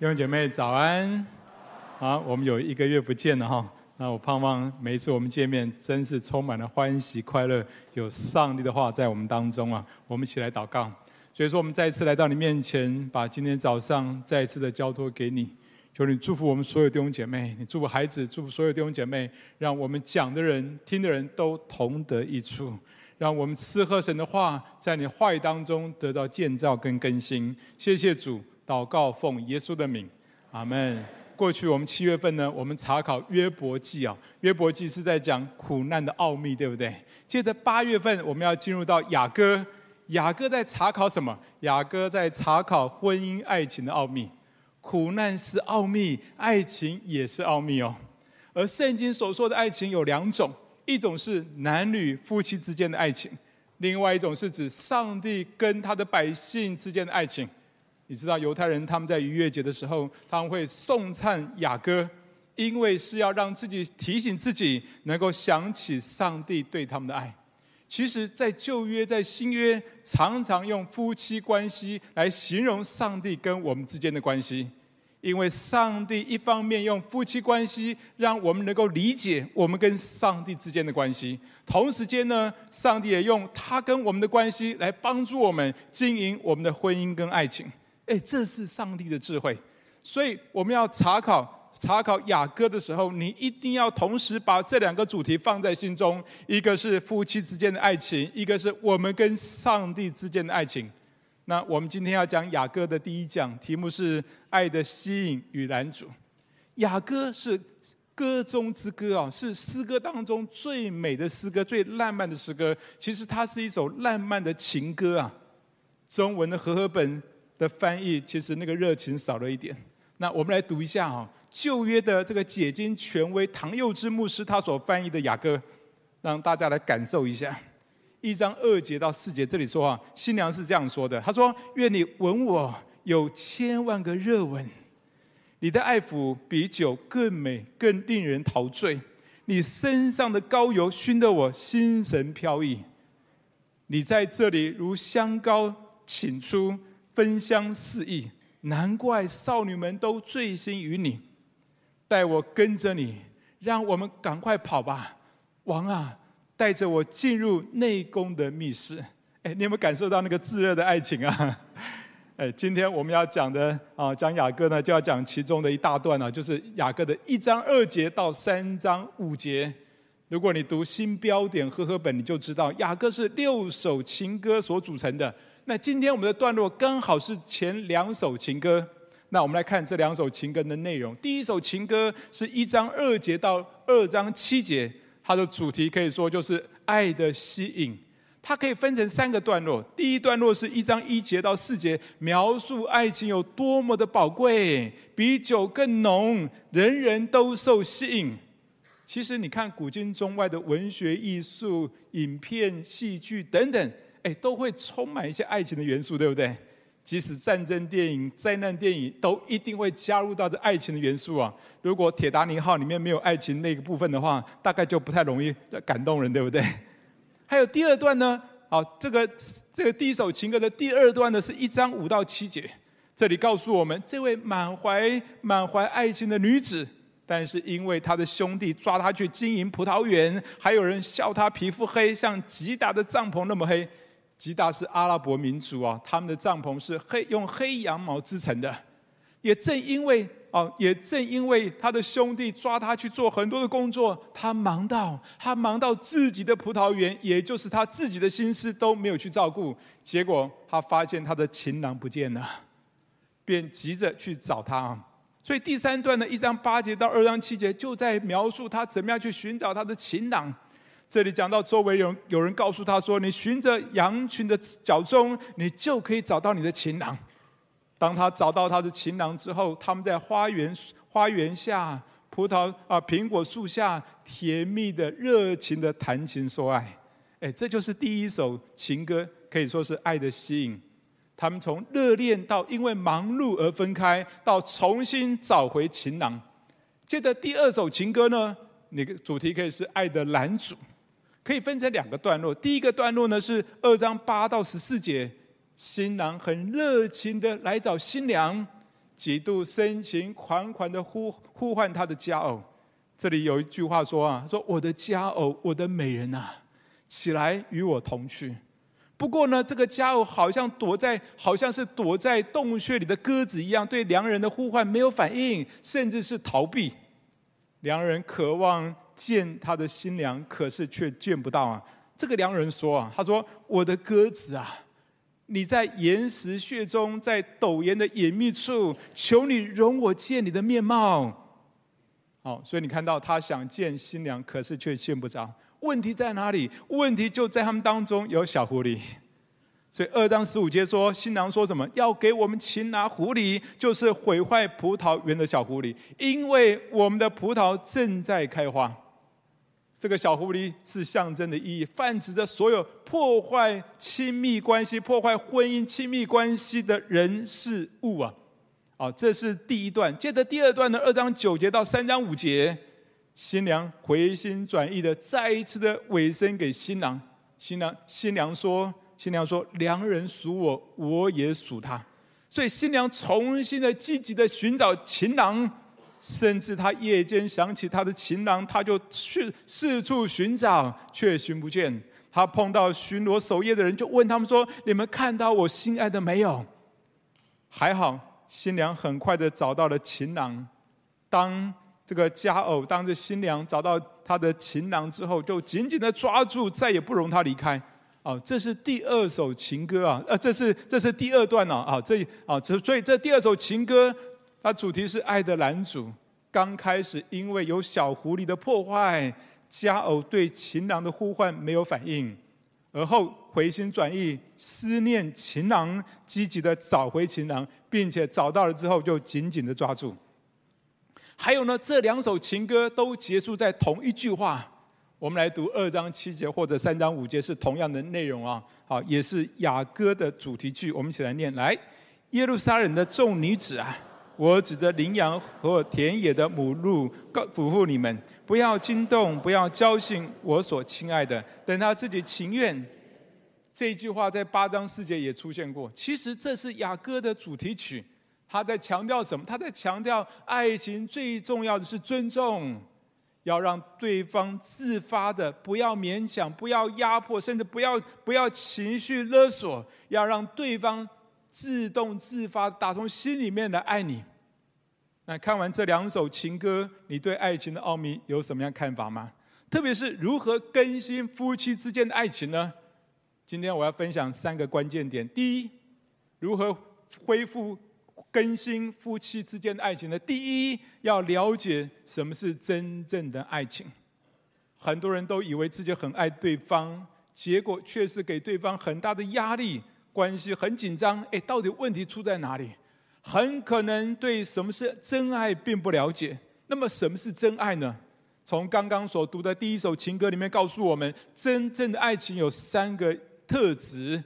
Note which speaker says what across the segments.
Speaker 1: 弟兄姐妹，早安！早安。好，我們有一個月不見了哈。那我盼望每一次我們見面，真是充滿了歡喜快樂，有上帝的話在我們當中啊。我們一起來禱告。所以說，我們再一次來到你面前，把今天早上再一次的交托給你，求你祝福我們所有弟兄姐妹，你祝福孩子，祝福所有弟兄姐妹，讓我們講的人、聽的人都同得益處，讓我們吃喝神的話，在你話語當中得到建造跟更新。謝謝主。禱告，奉耶穌的名，阿門。過去我們七月份呢，我們查考約伯記啊、哦，約伯記是在講苦難的奧秘，對不對？接着八月份，我們要進入到雅歌，雅歌在查考什麼？雅歌在查考婚姻愛情的奧秘。苦難是奧秘，愛情也是奧秘哦。而聖經所說的愛情有兩種，一種是男女夫妻之間的愛情，另外一種是指上帝跟他的百姓之間的愛情。你知道猶太人他們在逾越節的時候，他們會頌唱雅歌，因為是要讓自己提醒自己能夠想起上帝對他們的愛。其實，在舊約、在新約，常常用夫妻關係來形容上帝跟我們之間的關係，因為上帝一方面用夫妻關係讓我們能夠理解我們跟上帝之間的關係，同時間呢，上帝也用他跟我們的關係來幫助我們經營我們的婚姻跟愛情。哎，這是上帝的智慧，所以我們要查考查考雅歌的時候，你一定要同時把這兩個主題放在心中：一個是夫妻之間的愛情，一個是我們跟上帝之間的愛情。那我們今天要講雅歌的第一講，題目是“愛的吸引與攔阻”。雅歌是歌中之歌啊，是詩歌當中最美的詩歌，最浪漫的詩歌。其實它是一首浪漫的情歌啊。中文的和合本，的翻譯其實那個熱情少了一點。那我們來讀一下啊，《舊約》的這個解經權威唐幼之牧師他所翻譯的《雅歌》，讓大家來感受一下。一章二節到四節這裡說啊，新娘是這樣說的：“她說，願你吻我有千萬個熱吻，你的愛撫比酒更美、更令人陶醉。你身上的膏油熏得我心神飄逸，你在這裡如香膏傾出。”芬香四溢，難怪少女們都醉心於你。帶我跟着你，讓我們趕快跑吧，王啊！帶着我進入內宮的密室。哎，你有沒有感受到那個炙熱的愛情啊？哎，今天我們要講的啊，講雅歌呢，就要講其中的一大段啊，就是雅歌的一章二節到三章五節。如果你讀新標點和合本，你就知道雅歌是六首情歌所組成的。那今天我們的段落剛好是前兩首情歌，那我們來看這兩首情歌的內容。第一首情歌是一章二節到二章七節，它的主題可以說就是愛的吸引。它可以分成三個段落，第一段落是一章一節到四節，描述愛情有多麼的寶貴，比酒更濃，人人都受吸引。其實你看古今中外的文學、藝術、影片、戲劇等等。哎，都會充滿一些愛情的元素，對不對？即使戰爭電影、災難電影，都一定會加入到這愛情的元素啊。如果《鐵達尼號》裡面沒有愛情那個部分的話，大概就不太容易感動人，對不對？還有第二段呢？啊，這個這個第一首情歌的第二段呢，是一章五到七節。這裡告訴我們，這位滿懷滿懷愛情的女子，但是因為她的兄弟抓她去經營葡萄園，還有人笑她皮膚黑，像基達的帳篷那麼黑。基達是阿拉伯民族啊，他們的帳篷是黑，用黑羊毛織成的。也正因為啊、哦，也正因為他的兄弟抓他去做很多的工作，他忙到他忙到自己的葡萄園，也就是他自己的心思都沒有去照顧。結果他發現他的情郎不見了，便急着去找他、啊。所以第三段的一章八節到二章七節，就在描述他怎麼樣去尋找他的情郎。這裡講到周圍有有人告訴他說：“你循着羊群的腳蹤，你就可以找到你的情郎。”當他找到他的情郎之後，他們在花園花園下、葡萄啊、蘋果樹下，甜蜜的、熱情的談情說愛。誒，這就是第一首情歌，可以說是愛的吸引。他們從熱戀到因為忙碌而分開，到重新找回情郎。接着第二首情歌呢，那個主題可以是愛的攔阻。可以分成兩個段落。第一個段落呢，是二章八到十四節，新郎很熱情地來找新娘，幾度深情款款地呼呼喚他的佳偶。這裡有一句話說啊，說我的佳偶，我的美人吶、啊，起來與我同去。不過呢，這個佳偶好像躲在，好像是躲在洞穴裡的鴿子一樣，對良人的呼喚沒有反應，甚至是逃避。良人渴望見他的新娘，可是卻見不到啊！這個良人說啊，他說：“我的鴿子啊，你在巖石穴中，在陡巖的隱祕處，求你容我見你的面貌。”好，所以你看到他想見新娘，可是卻見不着。問題在哪裡？問題就在他們當中有小狐狸。所以二章十五節說，新郎說什麼？要給我們擒拿狐狸，就是毀壞葡萄園的小狐狸，因為我們的葡萄正在開花。這個小狐狸是象徵的意義，泛指的所有破壞親密關係、破壞婚姻親密關係的人事物啊！好，這是第一段。接着第二段的二章九節到三章五節，新娘回心轉意的，再一次的委身，給新郎。新郎新娘說。新娘說：“良人屬我，我也屬他。”所以新娘重新的積極的尋找情郎，甚至她夜間想起她的情郎，她就去四處尋找，卻尋不見。她碰到巡邏守夜的人，就問他們說：“你們看到我心愛的沒有？”還好，新娘很快的找到了情郎。當這個佳偶，當着新娘找到她的情郎之後，就緊緊的抓住，再也不容他離開。好，這是第二首情歌啊，呃，這是這是第二段了啊，這、哦、啊，這所以、哦、這，這，這第二首情歌，它主題是愛的攔阻，剛開始因為有小狐狸的破壞，佳偶對情郎的呼喚沒有反應，而後回心轉意，思念情郎，積極的找回情郎，並且找到了之後就緊緊的抓住。還有呢，這兩首情歌都結束在同一句話。我們來讀二章七節或者三章五節，是同樣的內容啊，好，也是雅歌的主題曲。我們一起來念：來，耶路撒冷的眾女子啊，我指着羚羊和田野的母鹿告囑咐你們，不要驚動，不要叫醒我所親愛的，等他自己情願。這句話在八章四節也出現過。其實這是雅歌的主題曲，他在強調什麼？他在強調愛情最重要的是尊重。要讓對方自發的，不要勉強，不要壓迫，甚至不要不要情緒勒索，要讓對方自動自發，打從心裡面來愛你。那看完這兩首情歌，你對愛情的奧秘有什麼樣看法嗎？特別是如何更新夫妻之間的愛情呢？今天我要分享三個關鍵點：第一，如何恢復。更新夫妻之間的愛情呢？第一要了解什麼是真正的愛情。很多人都以為自己很愛對方，結果卻是給對方很大的壓力，關係很緊張。誒，到底問題出在哪裡？很可能對什麼是真愛並不了解。那麼什麼是真愛呢？從剛剛所讀的第一首情歌裡面告訴我們，真正的愛情有三個特質。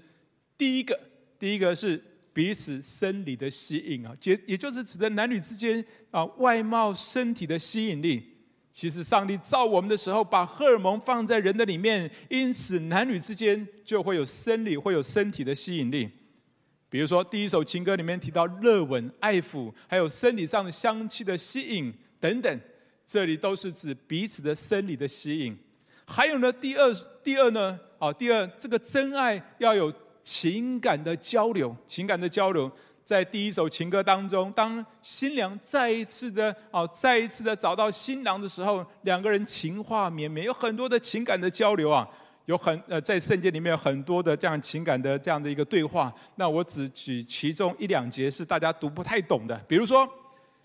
Speaker 1: 第一個，第一個是。彼此生理的吸引啊，也也就是指的男女之間啊，外貌身體的吸引力。其實上帝造我們的時候，把荷爾蒙放在人的裡面，因此男女之間就會有生理，會有身體的吸引力。比如說第一首情歌裡面提到熱吻、愛撫，還有身體上的香氣的吸引等等，這裡都是指彼此的生理的吸引。還有呢，第二第二呢，啊，第二，這個真愛要有。情感的交流，情感的交流，在第一首情歌當中，當新娘再一次的哦，再一次的找到新郎的時候，兩個人情話綿綿，有很多的情感的交流啊。有很呃，在聖經裡面有很多的這樣情感的這樣的一個對話。那我只舉其中一兩節是大家讀不太懂的，比如說，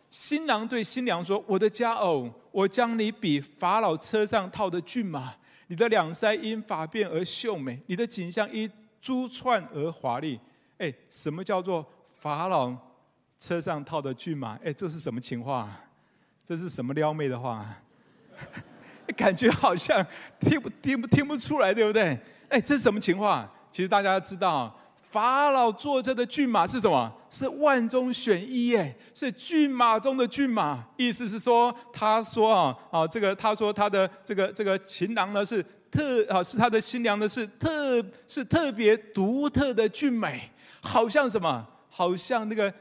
Speaker 1: 新郎對新娘說：“我的佳偶，我將你比法老車上套的駿馬，你的兩腮因髮辮而秀美，你的景象一。”珠串而華麗，誒，什麼叫做法老車上套的駿馬？誒，這是什麼情話？這是什麼撩妹的話？感覺好像聽不聽不聽不出來，對不對？哎，這是什麼情話？其實大家知道，法老坐着的駿馬是什麼？是萬中選一，是駿馬中的駿馬。意思是說，他說啊，啊，這個他說他的這個這個情郎呢是。特啊，是他的新娘的是特是特別獨特的俊美，好像什麼？好像那個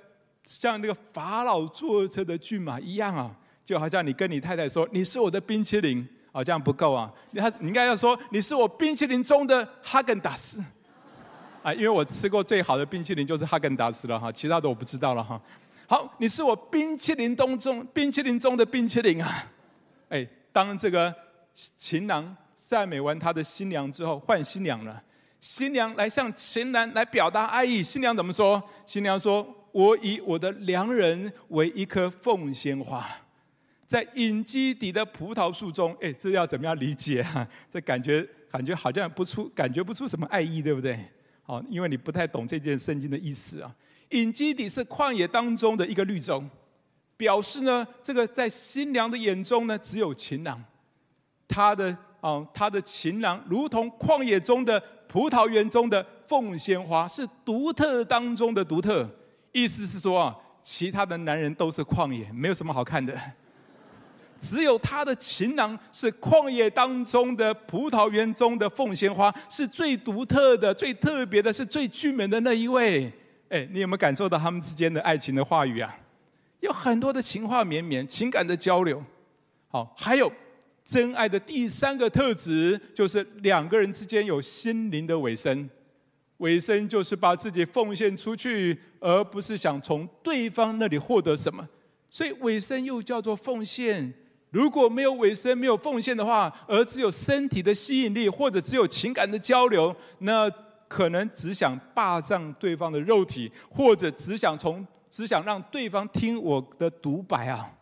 Speaker 1: 像那個法老坐車的駿馬一樣啊！就好像你跟你太太說，你是我的冰淇淋，好像不夠啊！你你應該要說，你是我冰淇淋中的哈根達斯啊！Az, 因為我吃過最好的冰淇淋就是哈根達斯了哈，其他的我不知道了哈。好，你是我冰淇淋當中冰淇淋中的冰淇淋啊！哎，當這個情郎，讚美完他的新娘之後，換新娘了。新娘來向情郎來表達愛意。新娘怎麼說？新娘說：“我以我的良人為一棵鳳仙花，在隱基底的葡萄樹中。”哎，這要怎麼樣理解哈、啊，這感覺感覺好像不出感覺不出什麼愛意，對不對？好，因為你不太懂這件聖經的意思啊。隱基底是曠野當中的一個綠洲，表示呢，這個在新娘的眼中呢，只有情郎，他的。啊，他的情郎如同曠野中的葡萄園中的鳳仙花，是獨特當中的獨特。意思是說啊，其他的男人都是曠野，沒有什麼好看的，只有他的情郎是曠野當中的葡萄園中的鳳仙花，是最獨特的、最特別的、是最俊美的那一位。哎，你有沒有感受到他們之間的愛情的話語啊？有很多的情話綿綿，情感的交流。好，還有。真愛的第三個特質就是兩個人之間有心靈的委身。委身就是把自己奉獻出去，而不是想從對方那裡獲得什麼。所以委身又叫做奉獻。如果沒有委身，沒有奉獻的話，而只有身體的吸引力，或者只有情感的交流，那可能只想霸占對方的肉體，或者只想從只想讓對方聽我的獨白啊。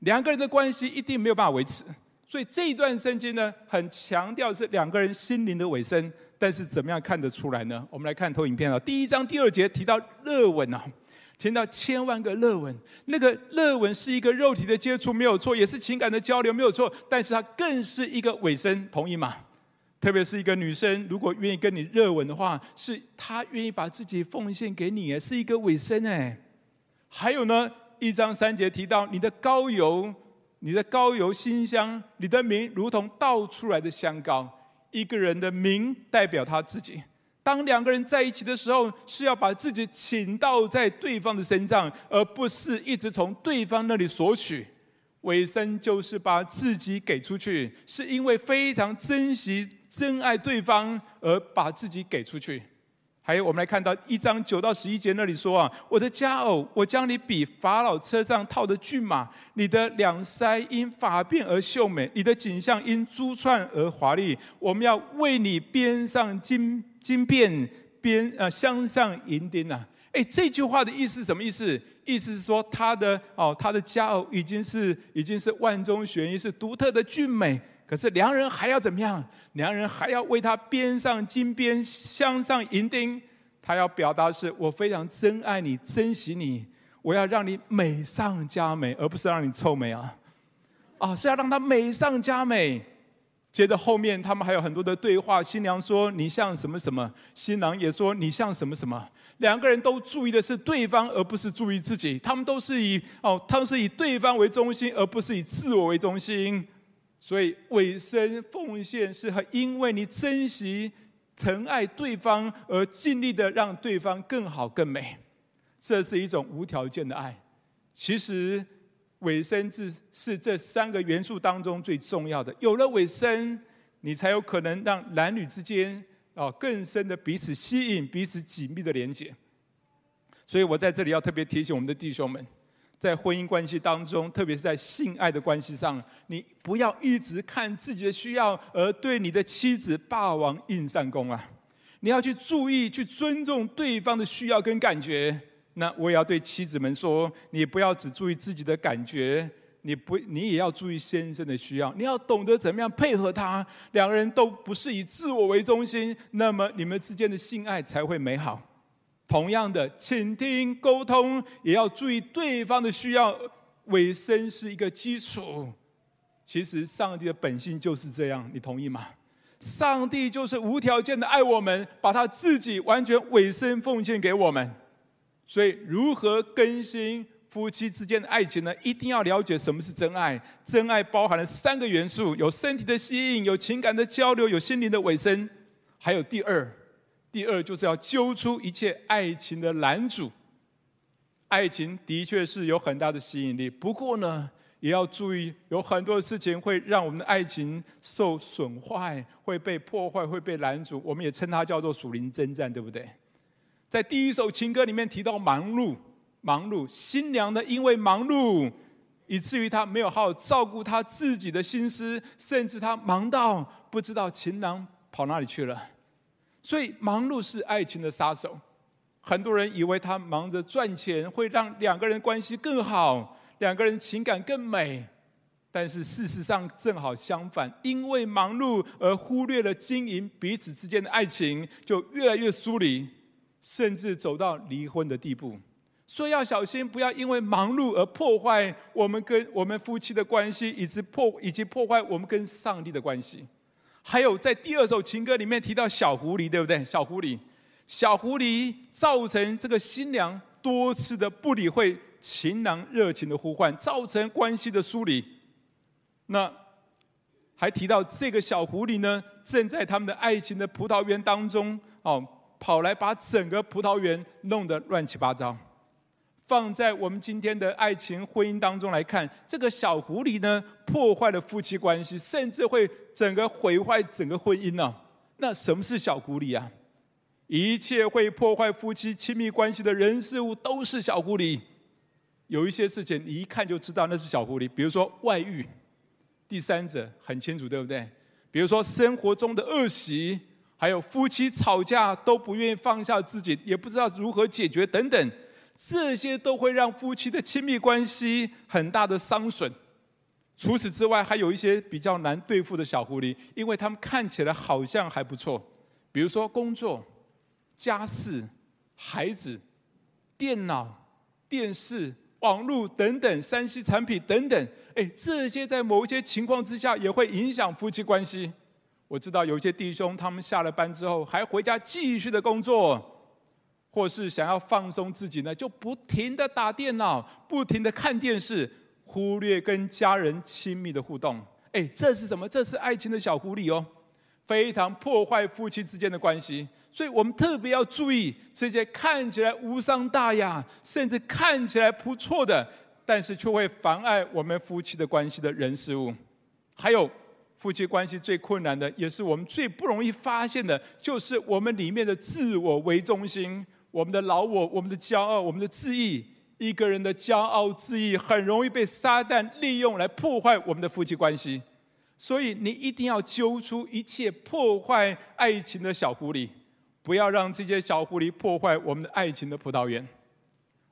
Speaker 1: 兩個人的關係一定沒有辦法維持。所以這一段聖經呢，很強調是兩個人心靈的委身。但是怎麼樣看得出來呢？我們來看投影片啊。第一章第二節提到熱吻吶，提到千萬個熱吻。那個熱吻是一個肉體的接觸，沒有錯，也是情感的交流，沒有錯。但是它更是一個委身，同意嗎？特別是一個女生，如果願意跟你熱吻的話，是她願意把自己奉獻給你，是一個委身哎。還有呢，一章三節提到你的膏油。你的膏油馨香，你的名如同倒出來的香膏。一個人的名代表他自己。當兩個人在一起的時候，是要把自己傾倒在對方的身上，而不是一直從對方那裡索取。尾聲就是把自己給出去，是因為非常珍惜、珍愛對方而把自己給出去。哎，我們來看到一章九到十一節那裡說啊，我的佳偶，我將你比法老車上套的駿馬，你的兩腮因發辮而秀美，你的頸項因珠串而華麗。我們要為你編上金金辮編啊鑲上銀釘吶、啊。哎，這句話的意思是什麼意思？意思是說他的哦，他的佳偶已經是已經是萬中選一，是獨特的俊美。可是良人還要怎麼樣？良人還要為他編上金辮，鑲上銀釘。他要表達的是我非常珍愛你，珍惜你，我要讓你美上加美，而不是讓你臭美啊！啊、哦，是要讓他美上加美。接着後面，他們還有很多的對話。新娘說：“你像什麼什麼？”新郎也說：“你像什麼什麼？”兩個人都注意的是對方，而不是注意自己。他們都是以哦，他們是以對方為中心，而不是以自我為中心。所以，委身奉獻是和因為你珍惜、疼愛對方而盡力的讓對方更好、更美，這是一種無條件的愛。其實，委身是是這三個元素當中最重要的。有了委身，你才有可能讓男女之間啊更深的彼此吸引、彼此緊密的連接。所以我在這裡要特別提醒我們的弟兄們。在婚姻關係當中，特別是在性愛的關係上，你不要一直看自己的需要，而對你的妻子霸王硬上弓啊！你要去注意，去尊重對方的需要跟感覺。那我也要對妻子們說，你不要只注意自己的感覺，你不，你也要注意先生的需要。你要懂得怎麼樣配合他，兩個人都不是以自我為中心，那麼你們之間的性愛才會美好。同樣的，傾聽溝通也要注意對方的需要，委身是一個基礎。其實上帝的本性就是這樣，你同意嗎？上帝就是無條件的愛我們，把他自己完全委身奉獻給我們。所以，如何更新夫妻之間的愛情呢？一定要了解什麼是真愛。真愛包含了三個元素：有身體的吸引，有情感的交流，有心靈的委身，還有第二。第二就是要揪出一切愛情的攔阻。愛情的確是有很大的吸引力，不過呢，也要注意有很多事情會讓我們的愛情受損壞、會被破壞、會被攔阻。我們也稱它叫做“屬靈征戰”，對不對？在第一首情歌裡面提到忙碌，忙碌，新娘呢因為忙碌，以至於她沒有好好照顧她自己的心思，甚至她忙到不知道情郎跑哪裡去了。所以，忙碌是愛情的殺手。很多人以為他忙着賺錢會讓兩個人關係更好，兩個人情感更美，但是事實上正好相反，因為忙碌而忽略了經營彼此之間的愛情，就越來越疏離，甚至走到離婚的地步。所以要小心，不要因為忙碌而破壞我們跟我們夫妻的關係，以及破以及破壞我們跟上帝的關係。還有在第二首情歌裡面提到小狐狸，對不對？小狐狸，小狐狸造成這個新娘多次的不理會情郎熱情的呼喚，造成關係的疏離。那還提到這個小狐狸呢，正在他們的愛情的葡萄園當中哦，跑來把整個葡萄園弄得亂七八糟。放在我們今天的愛情婚姻當中來看，這個小狐狸呢，破壞了夫妻關係，甚至會整個毀壞整個婚姻呢、啊。那什麼是小狐狸啊？一切會破壞夫妻親密關係的人事物都是小狐狸。有一些事情你一看就知道那是小狐狸，比如說外遇、第三者，很清楚，對不對？比如說生活中的惡習，還有夫妻吵架都不願意放下自己，也不知道如何解決等等。這些都會讓夫妻的親密關係很大的傷損。除此之外，還有一些比較難對付的小狐狸，因為他們看起來好像還不錯。比如說工作、家事、孩子、電腦、電視、網絡等等、三 C 產品等等。哎，這些在某一些情況之下也會影響夫妻關係。我知道有一些弟兄他們下了班之後還回家繼續的工作，或是想要放鬆自己呢，就不停地打電腦，不停地看電視，忽略跟家人親密的互動。誒，這是什麼？這是愛情的小狐狸哦，非常破壞夫妻之間的關係。所以我們特別要注意這些看起來無傷大雅，甚至看起來不錯的，但是卻會妨礙我們夫妻的關係的人事物。還有，夫妻關係最困難的，也是我們最不容易發現的，就是我們裡面的自我為中心。我們的老我，我們的驕傲，我們的自義，一個人的驕傲自義很容易被撒旦利用來破壞我們的夫妻關係，所以你一定要揪出一切破壞愛情的小狐狸，不要讓這些小狐狸破壞我們的愛情的葡萄園。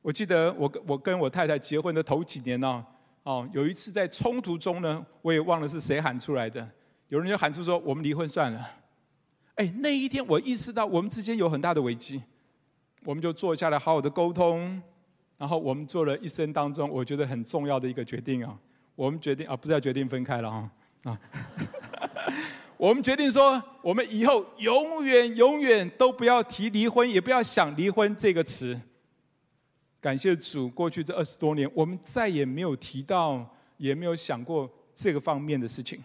Speaker 1: 我記得我跟我跟我太太結婚的頭幾年呢，哦，有一次在衝突中呢，我也忘了是誰喊出來的，有人就喊出說，我們離婚算了。誒，那一天我意識到我們之間有很大的危機。我們就坐下來，好好的溝通。然後我們做了一生當中我覺得很重要的一個決定啊。我們決定啊，不再決定分開了啊。啊，我們決定說，我們以後永遠、永遠都不要提離婚，也不要想離婚這個詞。感謝主，過去這二十多年，我們再也沒有提到，也沒有想過這個方面的事情。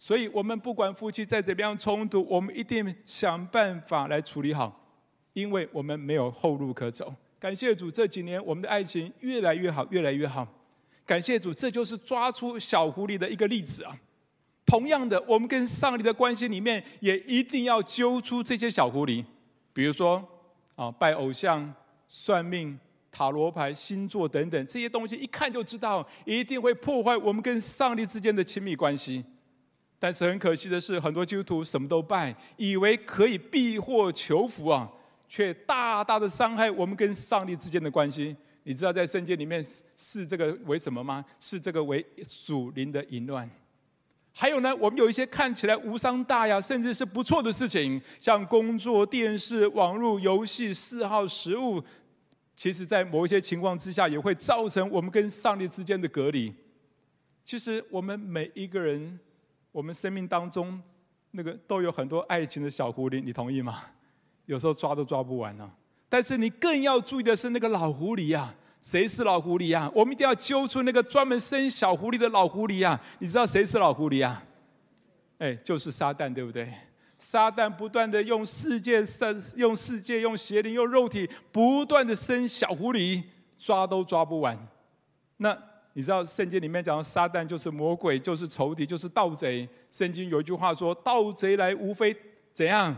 Speaker 1: 所以，我們不管夫妻再怎麼樣衝突，我們一定想辦法來處理好。因為我們沒有後路可走，感謝主。這幾年我們的愛情越來越好，越來越好。感謝主，這就是抓出小狐狸的一個例子啊。同樣的，我們跟上帝的關係裡面也一定要揪出這些小狐狸，比如說啊，拜偶像、算命、塔羅牌、星座等等這些東西，一看就知道一定會破壞我們跟上帝之間的親密關係。但是很可惜的是，很多基督徒什麼都拜，以為可以避禍求福啊。卻大大的傷害我們跟上帝之間的關係。你知道在聖經裡面是這個為什麼嗎？是這個為屬靈的淫亂。還有呢，我們有一些看起來無傷大雅，甚至是不錯的事情，像工作、電視、網絡遊戲、嗜好、食物，其實在某一些情況之下，也會造成我們跟上帝之間的隔離。其實我們每一個人，我們生命當中那個都有很多愛情的小狐狸，你同意嗎？有時候抓都抓不完呢、啊，但是你更要注意的是那個老狐狸呀、啊！誰是老狐狸呀、啊？我們一定要揪出那個專門生小狐狸的老狐狸呀、啊！你知道誰是老狐狸呀、啊？哎，就是撒旦，對不對？撒旦不斷的用，用世界用世界、用邪靈、用肉體，不斷的生小狐狸，抓都抓不完。那你知道聖經裡面講的撒旦就是魔鬼，就是仇敵，就是盜賊。聖經有一句話說：“盜賊來，無非怎樣？”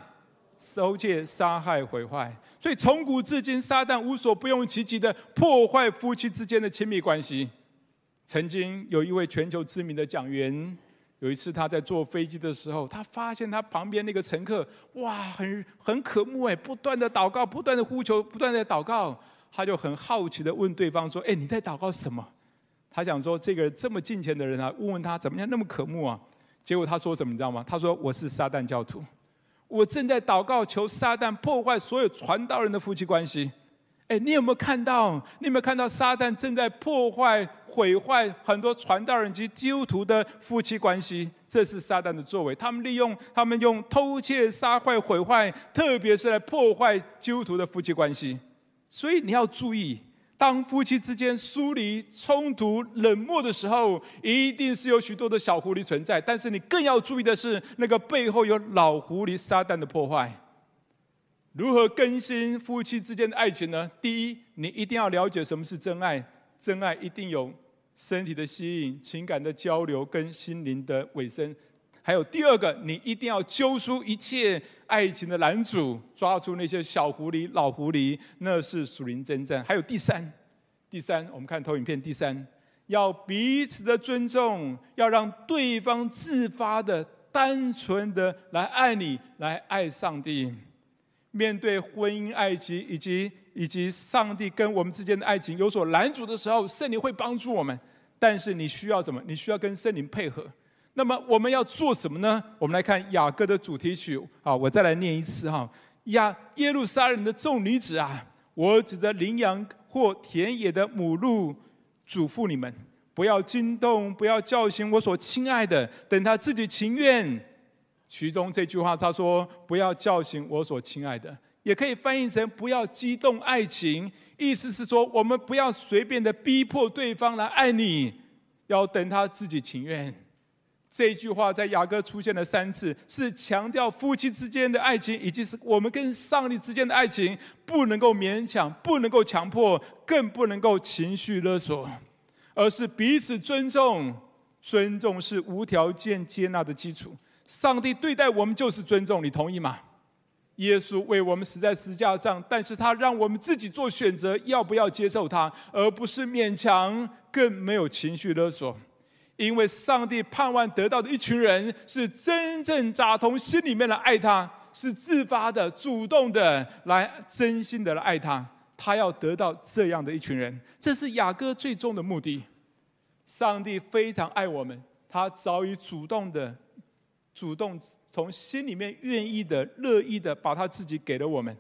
Speaker 1: 偷竊、殺害、毀壞，所以從古至今，撒旦無所不用其極的破壞夫妻之間的親密關係。曾經有一位全球知名的講員，有一次他在坐飛機的時候，他發現他旁邊那個乘客，哇，很很可慕哎，不斷的禱告，不斷的呼求，不斷的禱告，他就很好奇的問對方說：“誒，你在禱告什麼？”他想說這個這麼敬虔的人啊，問問他怎麼樣那麼可慕啊？結果他說什麼你知道嗎？他說：“我是撒旦教徒。”我正在禱告，求撒旦破壞所有傳道人的夫妻關係。哎，你有沒有看到？你有沒有看到撒旦正在破壞、毀壞很多傳道人及基督徒的夫妻關係？這是撒旦的作為。他們利用他們用偷竊、殺害、毀壞，特別是來破壞基督徒的夫妻關係。所以你要注意。當夫妻之間疏離、衝突、冷漠的時候，一定是有許多的小狐狸存在。但是你更要注意的是，那個背後有老狐狸撒旦的破壞。如何更新夫妻之間的愛情呢？第一，你一定要了解什麼是真愛。真愛一定有身體的吸引、情感的交流跟心靈的委身。還有第二個，你一定要揪出一切愛情的攔阻，抓住那些小狐狸、老狐狸，那是屬靈征戰。還有第三，第三，我們看投影片。第三，要彼此的尊重，要讓對方自發的、單純的來愛你，來愛上帝。面對婚姻愛、愛情以及以及上帝跟我們之間的愛情有所攔阻的時候，聖靈會幫助我們，但是你需要什麼？你需要跟聖靈配合。那麼我們要做什麼呢？我們來看雅歌的主題曲。好，我再來念一次哈。亞耶路撒冷的眾女子啊，我指着羚羊或田野的母鹿囑咐你們：不要驚動，不要叫醒我所親愛的，等他自己情願。其中這句話他說：不要叫醒我所親愛的，也可以翻譯成不要激動愛情。意思是說，我們不要隨便的逼迫對方來愛你，要等他自己情願。這句話在雅歌出現了三次，是強調夫妻之間的愛情，以及是我們跟上帝之間的愛情，不能夠勉強，不能夠強迫，更不能夠情緒勒索，而是彼此尊重。尊重是無條件接納的基礎。上帝對待我們就是尊重，你同意嗎？耶穌為我們死在十字架上，但是他讓我們自己做選擇，要不要接受他，而不是勉強，更沒有情緒勒索。因為上帝盼望得到的一群人是真正打從心裡面來愛他，是自發的、主動的來真心的來愛他。他要得到這樣的一群人，這是雅歌最終的目的。上帝非常愛我們，他早已主動的、主動從心裡面願意的、樂意的把他自己給了我們。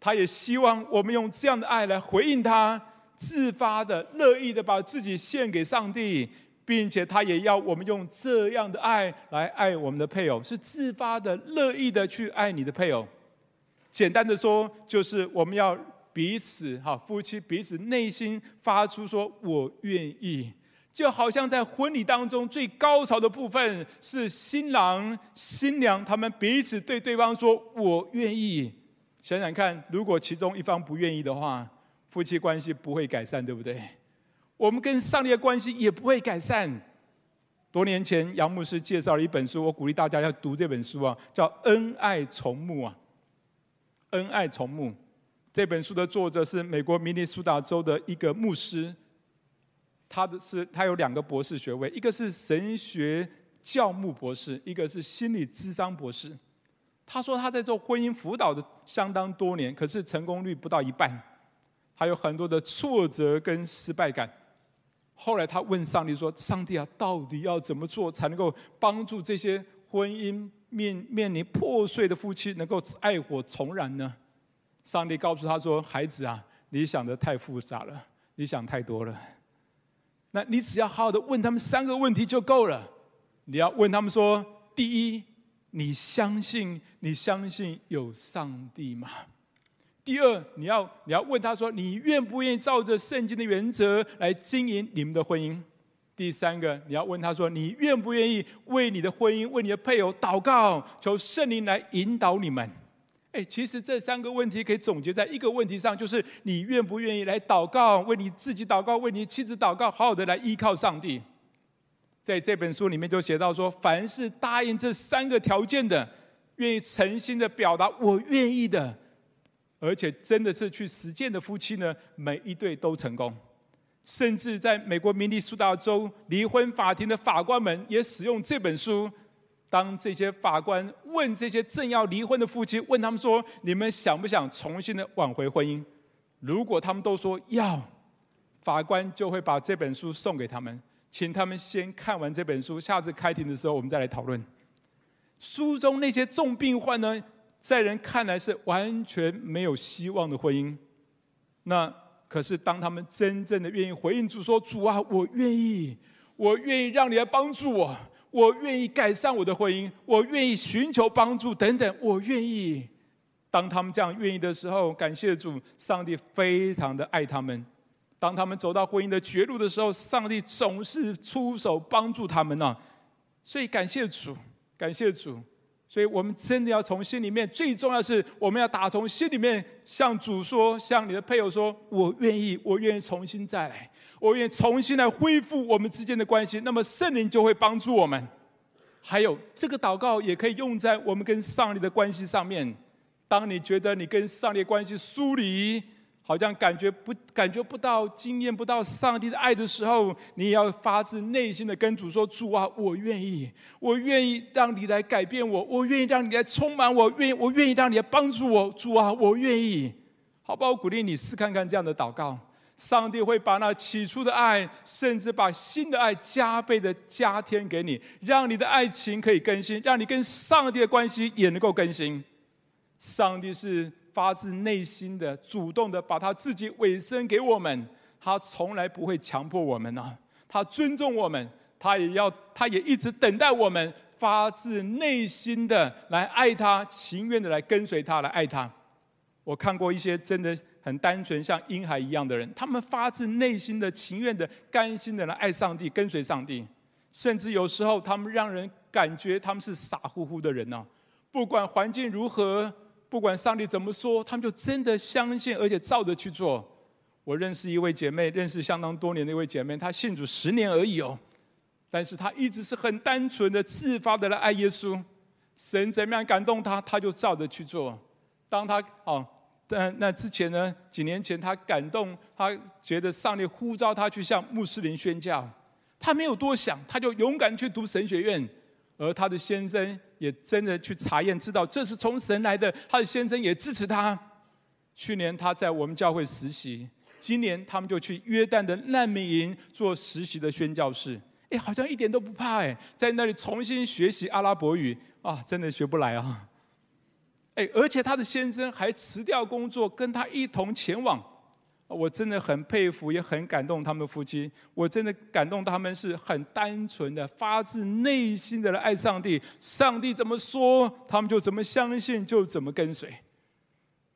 Speaker 1: 他也希望我們用這樣的愛來回應他，自發的、樂意的把自己獻給上帝。並且他也要我們用這樣的愛來愛我們的配偶，是自發的、樂意的去愛你的配偶。簡單的說，就是我們要彼此好，夫妻彼此內心發出說“我願意”，就好像在婚禮當中最高潮的部分是新郎新娘他們彼此對對方說“我願意”。想想看，如果其中一方不願意的話，夫妻關係不會改善，對不對？我們跟上帝的關係也不會改善。多年前，楊牧師介紹了一本書，我鼓勵大家要讀這本書啊，叫《恩愛重牧》啊，《恩愛重牧》這本書的作者是美國明尼蘇達州的一個牧師，他的，是他有兩個博士學位，一個是神學教牧博士，一個是心理諮商博士。他說他在做婚姻輔導的相當多年，可是成功率不到一半，他有很多的挫折跟失敗感。後來他問上帝說：“上帝啊，到底要怎麼做才能夠幫助這些婚姻面面臨破碎的夫妻能夠愛火重燃呢？”上帝告訴他說：“孩子啊，你想的太複雜了，你想太多了。那你只要好好的問他們三個問題就夠了。你要問他們說：第一，你相信你相信有上帝嗎？”第二，你要你要問他說，你願不願意照着聖經的原則來經營你們的婚姻？第三個，你要問他說，你願不願意為你的婚姻，為你的配偶禱告，求聖靈來引導你們？哎，其實這三個問題可以總結在一個問題上，就是你願不願意來禱告，為你自己禱告，為你妻子禱告，好好的來依靠上帝。在這本書裡面就寫到說，凡是答應這三個條件的，願意誠心的表達我願意的。而且真的是去實踐的夫妻呢，每一對都成功。甚至在美國明尼蘇達州離婚法庭的法官們也使用這本書。當這些法官問這些正要離婚的夫妻，問他們說：“你們想不想重新的挽回婚姻？”如果他們都說要，法官就會把這本書送給他們，請他們先看完這本書，下次開庭的時候我們再來討論。書中那些重病患呢？在人看來是完全沒有希望的婚姻，那可是當他們真正的願意回應主說：“主啊，我願意，我願意讓你來幫助我，我願意改善我的婚姻，我願意尋求幫助等等，我願意。”當他們這樣願意的時候，感謝主，上帝非常的愛他們。當他們走到婚姻的絕路的時候，上帝總是出手幫助他們呢、啊。所以感謝主，感謝主。所以我們真的要從心裡面，最重要的是我們要打從心裡面向主說，向你的配偶說：“我願意，我願意重新再來，我願意重新來恢復我們之間的關係。”那麼聖靈就會幫助我們。還有這個禱告也可以用在我們跟上帝的關係上面。當你覺得你跟上帝關係疏離，好像感覺不感覺不到、經驗不到上帝的愛的時候，你也要發自內心的跟主說：“主啊，我願意，我願意讓你來改變我，我願意讓你來充滿我，我，願意我願意讓你來幫助我。”主啊，我願意。好吧，我鼓勵你試看看這樣的禱告，上帝會把那起初的愛，甚至把新的愛加倍的加添給你，讓你的愛情可以更新，讓你跟上帝的關係也能夠更新。上帝是發自內心的主動的把他自己委身給我們，他從來不會強迫我們呢、啊。他尊重我們，他也要，他也一直等待我們發自內心的來愛他，情願的來跟隨他，來愛他。我看過一些真的很單純像嬰孩一樣的人，他們發自內心的情願的、甘心的來愛上帝、跟隨上帝，甚至有時候他們讓人感覺他們是傻乎乎的人吶、啊。不管環境如何。不管上帝怎麼說，他們就真的相信，而且照着去做。我認識一位姐妹，認識相當多年的一位姐妹，她信主十年而已哦，但是她一直是很單純的、自發的來愛耶穌。神怎麼樣感動她，她就照着去做。當她哦，但那，那之前呢，幾年前她感動，她覺得上帝呼召她去向穆斯林宣教，她沒有多想，她就勇敢去讀神學院，而她的先生，也真的去查驗，知道這是從神來的。他的先生也支持他。去年他在我們教會實習，今年他們就去約旦的難民營做實習的宣教士。哎，好像一點都不怕哎，在那裡重新學習阿拉伯語啊，真的學不來啊。哎，而且他的先生還辭掉工作，跟他一同前往。我真的很佩服，也很感動他們的夫妻。我真的感動他們是很單純的，發自內心的愛上帝。上帝怎麼說，他們就怎麼相信，就怎麼跟隨。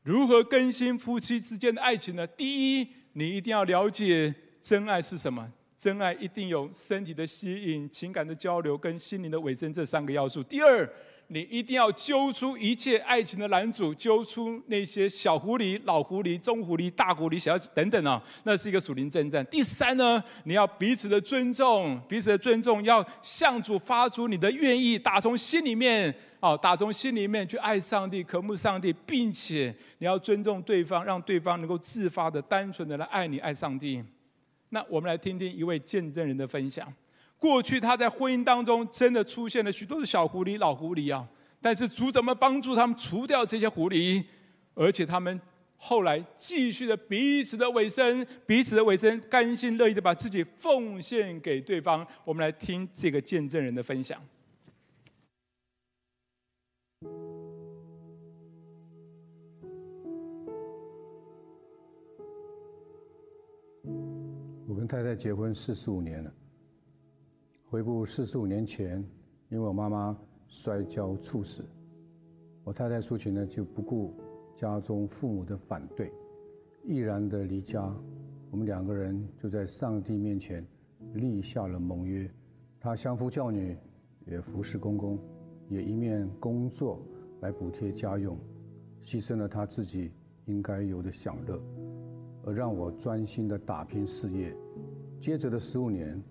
Speaker 1: 如何更新夫妻之間的愛情呢？第一，你一定要了解真愛是什麼。真愛一定有身體的吸引、情感的交流跟心靈的委身這三個要素。第二。你一定要揪出一切愛情的攔阻，揪出那些小狐狸、老狐狸、中狐狸、大狐狸、小等等啊，那是一個屬靈征戰。第三呢，你要彼此的尊重，彼此的尊重，要向主發出你的願意，打從心裡面哦，打從心裡面去愛上帝、渴慕上帝，並且你要尊重對方，讓對方能夠自發的、單純的來愛你、愛上帝。那我們來聽聽一位見證人的分享。過去他在婚姻當中真的出現了許多的小狐狸、老狐狸啊，但是主怎麼幫助他們除掉這些狐狸，而且他們後來繼續著彼此的委身，彼此的委身，甘心樂意的把自己奉獻給對方。我們來聽這個見證人的分享。
Speaker 2: 我跟太太結婚四十五年了。回顧四十五年前，因為我媽媽摔跤猝死，我太太蘇琴呢就不顧家中父母的反對，毅然的離家。我們兩個人就在上帝面前立下了盟約。她相夫教女，也服侍公公，也一面工作來補貼家用，犧牲了她自己應該有的享樂，而讓我專心的打拼事業。接着的十五年。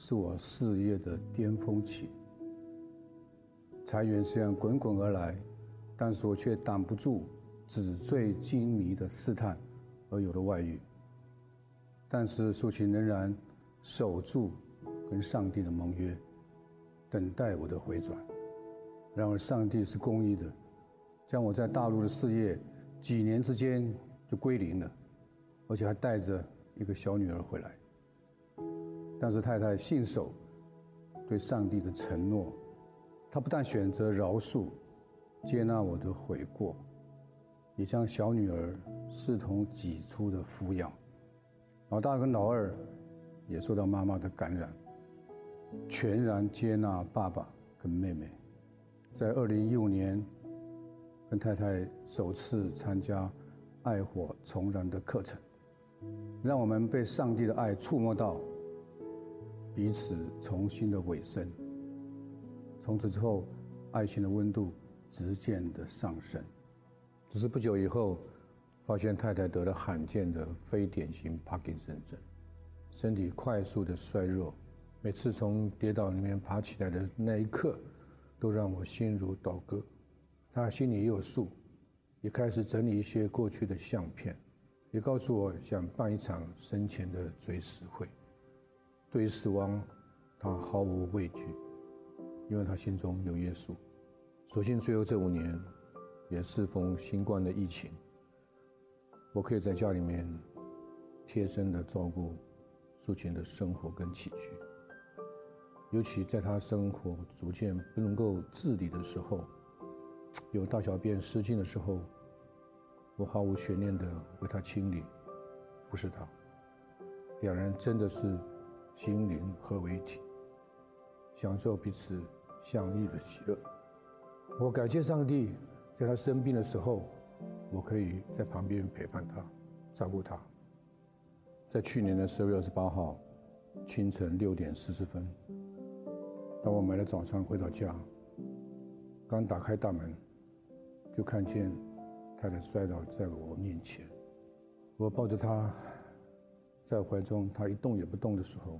Speaker 2: 是我事業的巔峰期，財源雖然滾滾而來，但是我卻擋不住紙醉金迷的試探，而有了外遇。但是蘇琴仍然守住跟上帝的盟約，等待我的回轉。然而上帝是公義的，將我在大陸的事業幾年之間就歸零了，而且還帶着一個小女兒回來。但是太太信守對上帝的承諾，她不但選擇饒恕、接納我的悔過，也將小女兒視同己出的撫養。老大跟老二也受到媽媽的感染，全然接納爸爸跟妹妹。在二零一五年，跟太太首次參加“愛火重燃”的課程，讓我們被上帝的愛觸摸到。彼此重新的委身，從此之後，愛情的溫度逐漸的上升。只是不久以後，發現太太得了罕見的非典型帕金森症，身體快速的衰弱。每次從跌倒裡面爬起來的那一刻，都讓我心如刀割。她心裡也有數，也開始整理一些過去的相片，也告訴我想辦一場生前的追思會。對於死亡，他毫無畏懼，因為他心中有耶穌。所幸最後這五年，也適逢新冠的疫情，我可以在家裡面，貼身的照顧蘇琴的生活跟起居。尤其在他生活逐漸不能夠自理的時候，有大小便失禁的時候，我毫無懸念的為他清理。不是他，兩人真的是。心靈合為一體，享受彼此相依的喜樂。我感謝上帝，在他生病的時候，我可以在旁邊陪伴他，照顧他。在去年的十月二十八號清晨六點四十分，當我買了早餐回到家，剛打開大門，就看見太太摔倒在我面前。我抱着他在懷中，他一動也不動的時候。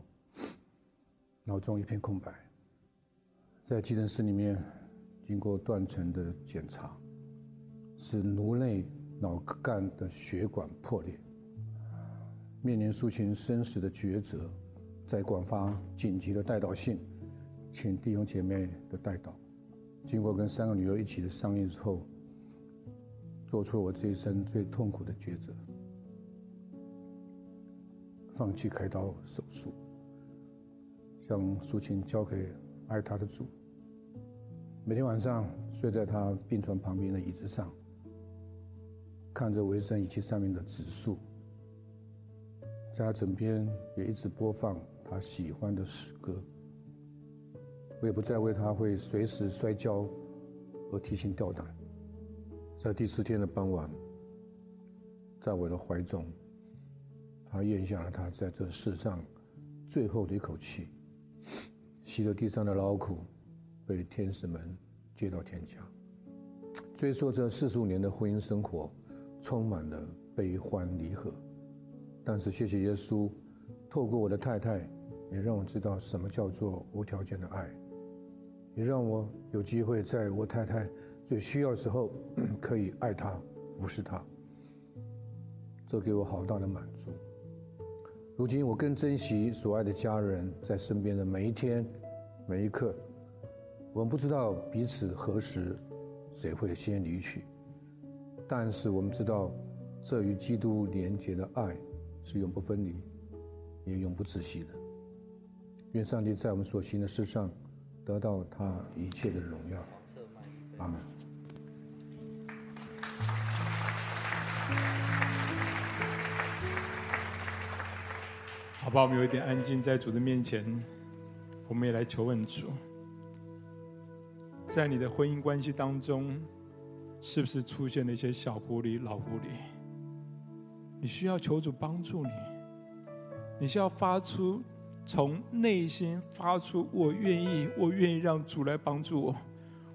Speaker 2: 腦中一片空白，在急診室裡面，經過斷層的檢查，是顱內腦幹的血管破裂，面臨蘇秦生死的抉擇，在廣發緊急的代禱信，請弟兄姐妹的代禱，經過跟三個女兒一起的商議之後，做出了我這一生最痛苦的抉擇，放棄開刀手術。將蘇青交給愛她的主。每天晚上睡在她病床旁邊的椅子上，看着維生儀器上面的指數，在他枕邊也一直播放他喜歡的詩歌。我也不再為他會隨時摔跤而提心吊膽。在第四天的傍晚，在我的懷中，他咽下了他在這世上最後的一口氣。洗了地上的勞苦，被天使們接到天家。追溯這四十五年的婚姻生活，充滿了悲歡離合。但是謝謝耶穌，透過我的太太，也讓我知道什麼叫做無條件的愛。也讓我有機會在我太太最需要的時候，可以愛她、服侍她。這給我好大的滿足。如今我更珍惜所愛的家人在身邊的每一天、每一刻。我們不知道彼此何時，誰會先離去，但是我們知道，這與基督連結的愛是永不分離，也永不止息的。願上帝在我們所行的事上得到他一切的榮耀，阿們。
Speaker 1: 好吧，我們有一點安靜，在主的面前，我們也來求問主，在你的婚姻關係當中，是不是出現了一些小狐狸、老狐狸？你需要求主幫助你，你需要發出從內心發出，我願意，我願意讓主來幫助我，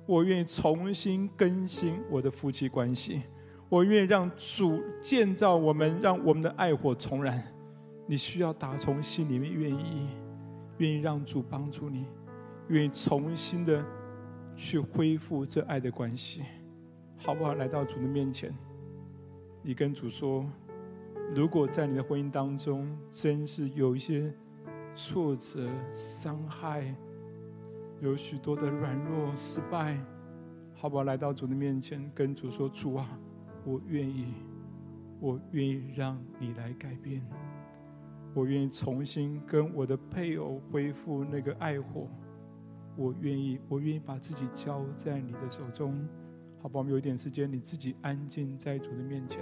Speaker 1: 我願意重新更新我的夫妻關係，我願意讓主建造我們，讓我們的愛火重燃。你需要打從心裡面願意，願意讓主幫助你，願意重新的去恢復這愛的關係，好不好？來到主的面前，你跟主說：如果在你的婚姻當中，真是有一些挫折、傷害，有許多的軟弱、失敗，好不好？來到主的面前，跟主說：主啊，我願意，我願意讓你來改變。我願意重新跟我的配偶恢復那個愛火，我願意，我願意把自己交在你的手中，好不好？我們有一點時間，你自己安靜在主的面前。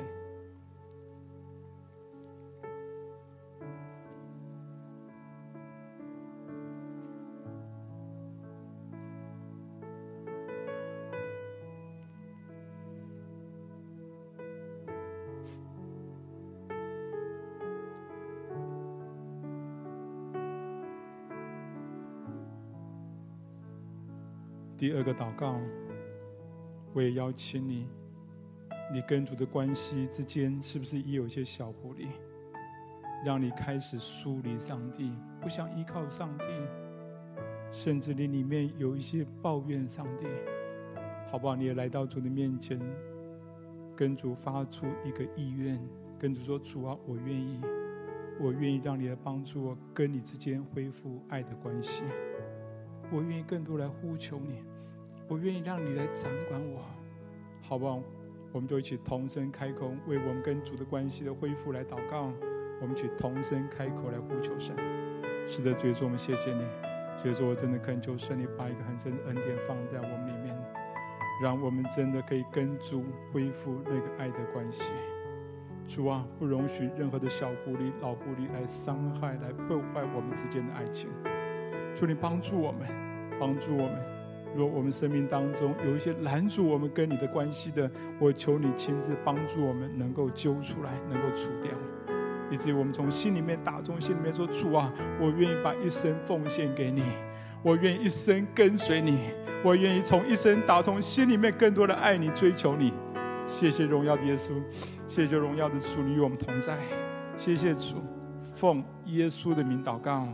Speaker 1: 第二個禱告，我也邀請你，你跟主的關係之間是不是也有些小狐狸，讓你開始疏離上帝，不想依靠上帝，甚至你裡面有一些抱怨上帝，好不好？你也來到主的面前，跟主發出一個意願，跟主說：“主啊，我願意，我願意讓你來幫助我，跟你之間恢復愛的關係，我願意更多來呼求你。”我願意讓你來掌管我，好不好？我們就一起同聲開口，為我們跟主的關係的恢復來禱告。我們一起同聲開口來呼求神。是的，主啊，我們謝謝你。所以說我真的懇求神，你把一個很深的恩典放在我們裡面，讓我們真的可以跟主恢復那個愛的關係。主啊，不容許任何的小狐狸、老狐狸來傷害、來破壞我們之間的愛情。求你幫助我們，幫助我們。若我們生命當中有一些攔阻我們跟你的關係的，我求你親自幫助我們，能夠揪出來，能夠除掉，以至於我們從心裡面打從心裡面說，主啊，我願意把一生奉獻給你，我願意一生跟隨你，我願意從一生打從心裡面更多的愛你，追求你。謝謝榮耀的耶穌，謝謝榮耀的主，你與我們同在，謝謝主，奉耶穌的名禱告。